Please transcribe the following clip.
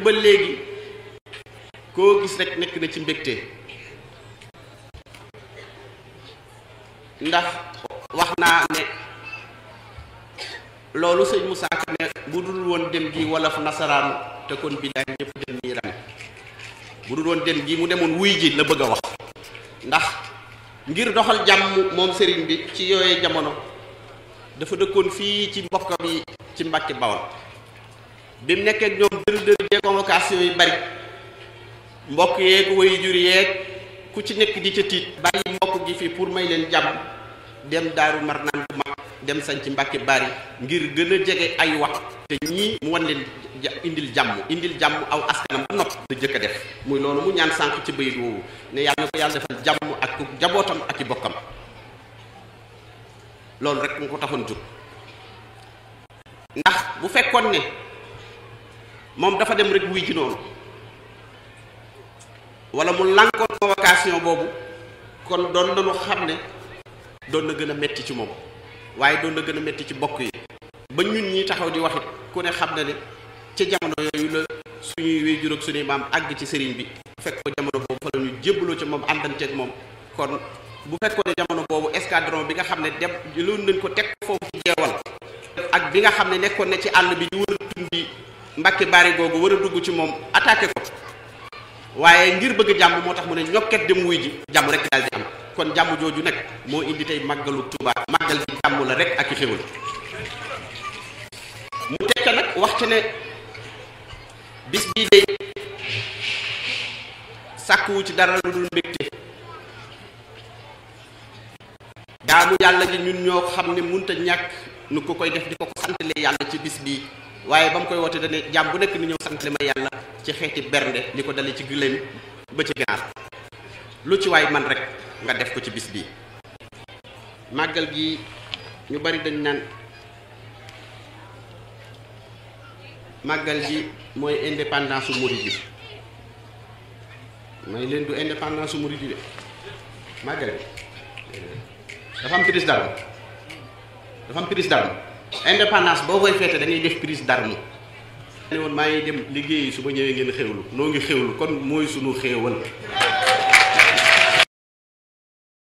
ba léegi koo gis rek nekk na ci mbégte ndax wax naa ne loolu sëñ Moussa Ka bu dul woon dem gi wala fu te kon bi daan ñëpp dem dem gi mu demoon wuy ji la bëgg a wax ndax ngir doxal jàmm moom sëriñ bi ci yooyee jamono dafa dëkkoon fii ci mbokk bi ci Mbàkke Bawol bi mu ñoom dër dër convocation yi bari mbokk yeeg woy jur yeeg ku ci nekk di ca tiit bàyyi mbokk gi fi pour may leen jàmm dem daaru mar naan bu mag dem sañ ci mbàkke bari ngir gën a jege ay wax te ñii mu wan leen indil jàmm indil jàmm aw askanam ba nopp da jëkk def muy loolu mu ñaan sànq ci bayit woowu ne yàlla na ko yàlla defal jàmm ak jabootam ak i bokkam loolu rek mu ko taxoon jóg ndax bu fekkoon ne moom dafa dem rek wuy ji noonu wala mu lànkoon convocation boobu kon doon nañu xam ne doon na gën a metti ci moom waaye doon na gën a metti ci mbokk yi ba ñun ñi taxaw di wax it ku ne xam na ne ca jamono yooyu la suñuy waajur ak maam àgg ci sëriñ bi fekk ko jamono boobu fa la ñu jébbaloo ci moom àndanteeg moom kon bu fekkoon ne jamono boobu escadron bi nga xam ne dem loolu nañ ko teg foofu ci jeewal ak bi nga xam ne nekkoon na ci àll bi di wër tund yi mbakki bari googu war a dugg ci moom attaqué ko waaye ngir bëgg jàmm moo tax mu ne ñokket dem wuy ji jàmm rek daal di am kon jàmm jooju nag moo indi tey màggalu Tuubaa màggal bi jàmm la rek ak i xéwal mu teg nag wax ci ne bis bii day wu ci dara lu dul mbégte jaamu yàlla ji ñun ñoo xam ne munta ñàkk nu ko koy def di ko ko santale yàlla ci bis bii waaye ba mu koy woote dane jàmm bu nekk ni ñëw santale ma yàlla ci xeeti bernde li ko dale ci gëléem ba ci ganaar lu ci waay man rek nga def ko ci bis bii màggal gi ñu bari dañ naan màggal gi mooy indépendance su muri yi may leen du indépendance su murid yi de màggal gi dafa am prise d'armes dafa am prise d'armes indépendance boo koy feete da def prise d'armes ne woon maa ngi dem liggéeyi su ma ñëwee ngeen xewlu noo ngi xewlu kon mooy sunu xéewal